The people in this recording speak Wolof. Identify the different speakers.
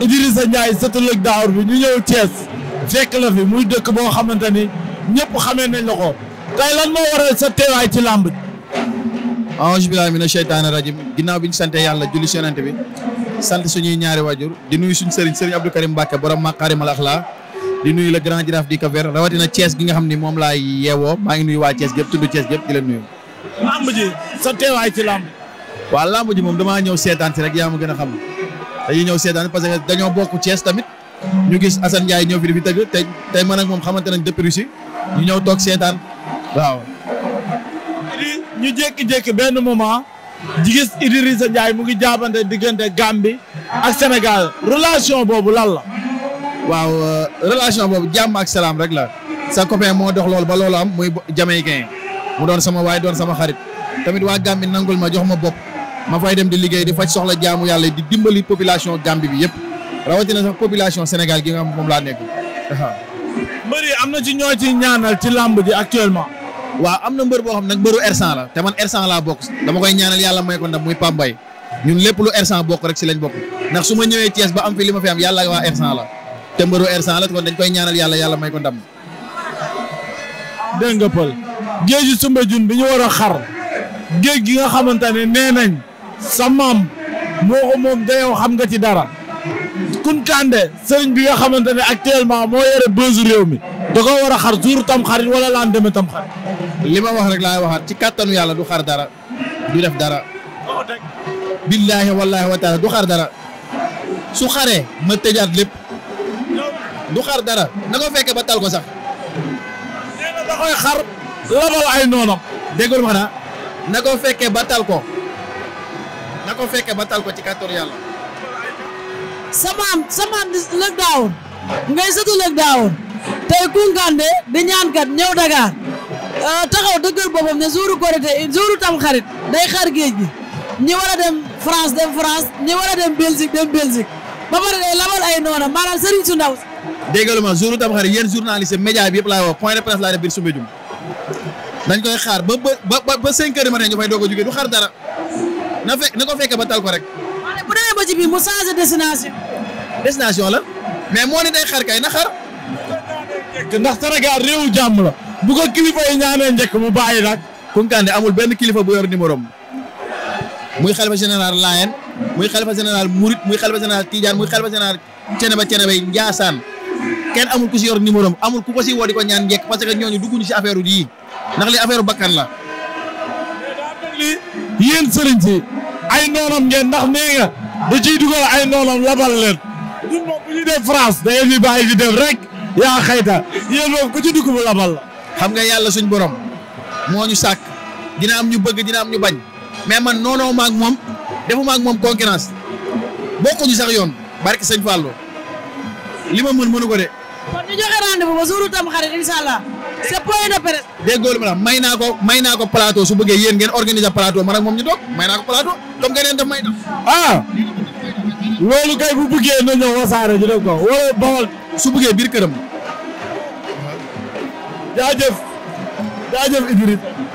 Speaker 1: Idrissa Ndiaye sëtu Lëg Daawar bi ñu ñëw Thiès fekk la fi muy dëkk boo xamante ni ñëpp xamee
Speaker 2: nañ la ko tey lan moo waral sa teewaay ci làmb ji. aouzu billaahi mina sheytaani rajiim ginnaaw bi ñu sant yàlla julli si bi sant suñuy ñaari waajur di nuyu suñu sëriñ sëriñ Abdou Karim Mbacke borom Makarimal Akhlaq di nuyu le grand jaraaf di ko rawatina Thiès gi nga xam ni moom laa yeewoo maa ngi nuyu waa Thiès gépp tudd Thiès gépp di leen nuyu. làmb ji sa teewaay ci làmb. waaw làmb ji moom damaa ñëw seetaan si rek yaa ma gën a xam. dañuy ñëw seetaan parce dañoo bokk cees tamit ñu gis Assane Ndiaye ñëw fi di fi tëgg te tey man ak moom xamante nañ depuis Russie ñu ñëw toog seetaan waaw. ñu jékki-jékki benn moment
Speaker 1: di gis Idrissa Ndiaye mu ngi jaabante diggante Gambie ak Sénégal relation boobu lal
Speaker 2: la. waaw euh, relation boobu jàmm ak salaam rek la sa copain moo dox loolu ba loolu am muy Jamaïcain mu doon sama waay doon sama xarit tamit waa Gambie nangul ma jox ma bopp. ma fay dem di liggéey di faj soxla jaamu yàlla di dimbali population Gambie bi yëpp rawatina sax population Sénégal gi nga xam moom laa nekk waaw. am na ci ñoo ci ñaanal ci làmb ji actuellement. waa am na mbër boo xam nag mbëru R100 la te man R100 laa bokk dama koy ñaanal yàlla may ko ndam muy Pambay ñun lépp lu R100 bokk rek si lañ bokk ndax su ma ñëwee Thiès ba am fi li ma fi am yàlla waa r la te mbëru R100 la kon dañ koy ñaanal yàlla yàlla may ko ndam. dégg nga Pël géeju bi ñu war a xar géej gi nga xamante ne nee
Speaker 1: nañ sa maam moo ko moom dayoo xam nga ci dara Kounkandé
Speaker 2: sëriñ bi nga xamante ne actuellement moo yore buzz réew mi da ko a xar jour tam xarit wala laan deme tam xarit li ma wax rek laay waxaat ci kàttanu yàlla du xar dara du def dara billaahi wallaahi wa taala du xar dara su xaree ma tëjaat lépp du xar dara na ko fekke ba tal ko sax nee xar labal ay noonam déggul ma na na ko fekkee ba tal ko na ko fekke ba tal ko ci kàttan yàlla. samaam samaam lëg daawoon ngay sëtu lëg daawoon tey kunkande di ñaankat ñëw Dakar euh, taxaw dëggal boppam ne jouru korité jouru tam xarit day xar géej gi ñi war a dem France dem France ñi war a dem Belgique dem Belgique ba pare day labal ay noona maanaam sëriñ su ndaw déggaluma jouru tam xarit yéen journaliste média bi yëpp laay wax point de presse laa def biir Soumbédioune dañ koy xaar ba ba ba cinq heures du matin ñu na na ko fekkee ba tal ko rek. bu demee ba ci biir mu changé destination. destination la mais moo ne day xar kay na xar. ndax Sénégal réewu jàmm la. bu ko kilifa yi ñaanee njëkk mu bàyyi nag. Kounkandé amul benn kilifa bu yor numéro muy xalifa général Layen muy xalifa général Mouride muy xalifa général Tidiane muy xalifa général Ceneba Ceneba yi Ndiassane kenn amul ku si yor numéro amul ku ko si woo ñaan njëkk parce que ñooñu dugguñu si affaire yii ndax li affaire bakkan la. yéen sëriñ
Speaker 1: ay noonam ngeen ndax nee nga du ciy dugal ay noonam labal leen ñun moom bu ñu
Speaker 2: def France da ngeen di bàyyi di def rek yaa xayta yéen moom ku ci dugg mu labal la. xam nga yàlla suñ borom moo ñu sak dina am ñu bëgg dina am ñu bañ mais man noonoo maag moom defu maag moom concurrence bokkuñu sax yoon barke sëñ Fallou li ma mën mënu ko de. kon ñu joxe rendez-vous ba suuru tam xarit incha c'est point de presse. déggoo lu may naa ko may naa ko plateau su bëggee yéen ngeen organiser plateau man ak moom ñu toog may naa ko plateau donc ngeen def may def. ah loolu kay bu bëggee na ñëw wasaare ñu def ko wala bawal su bëggee biir këram.
Speaker 1: jaajëf jaajëf Idriss.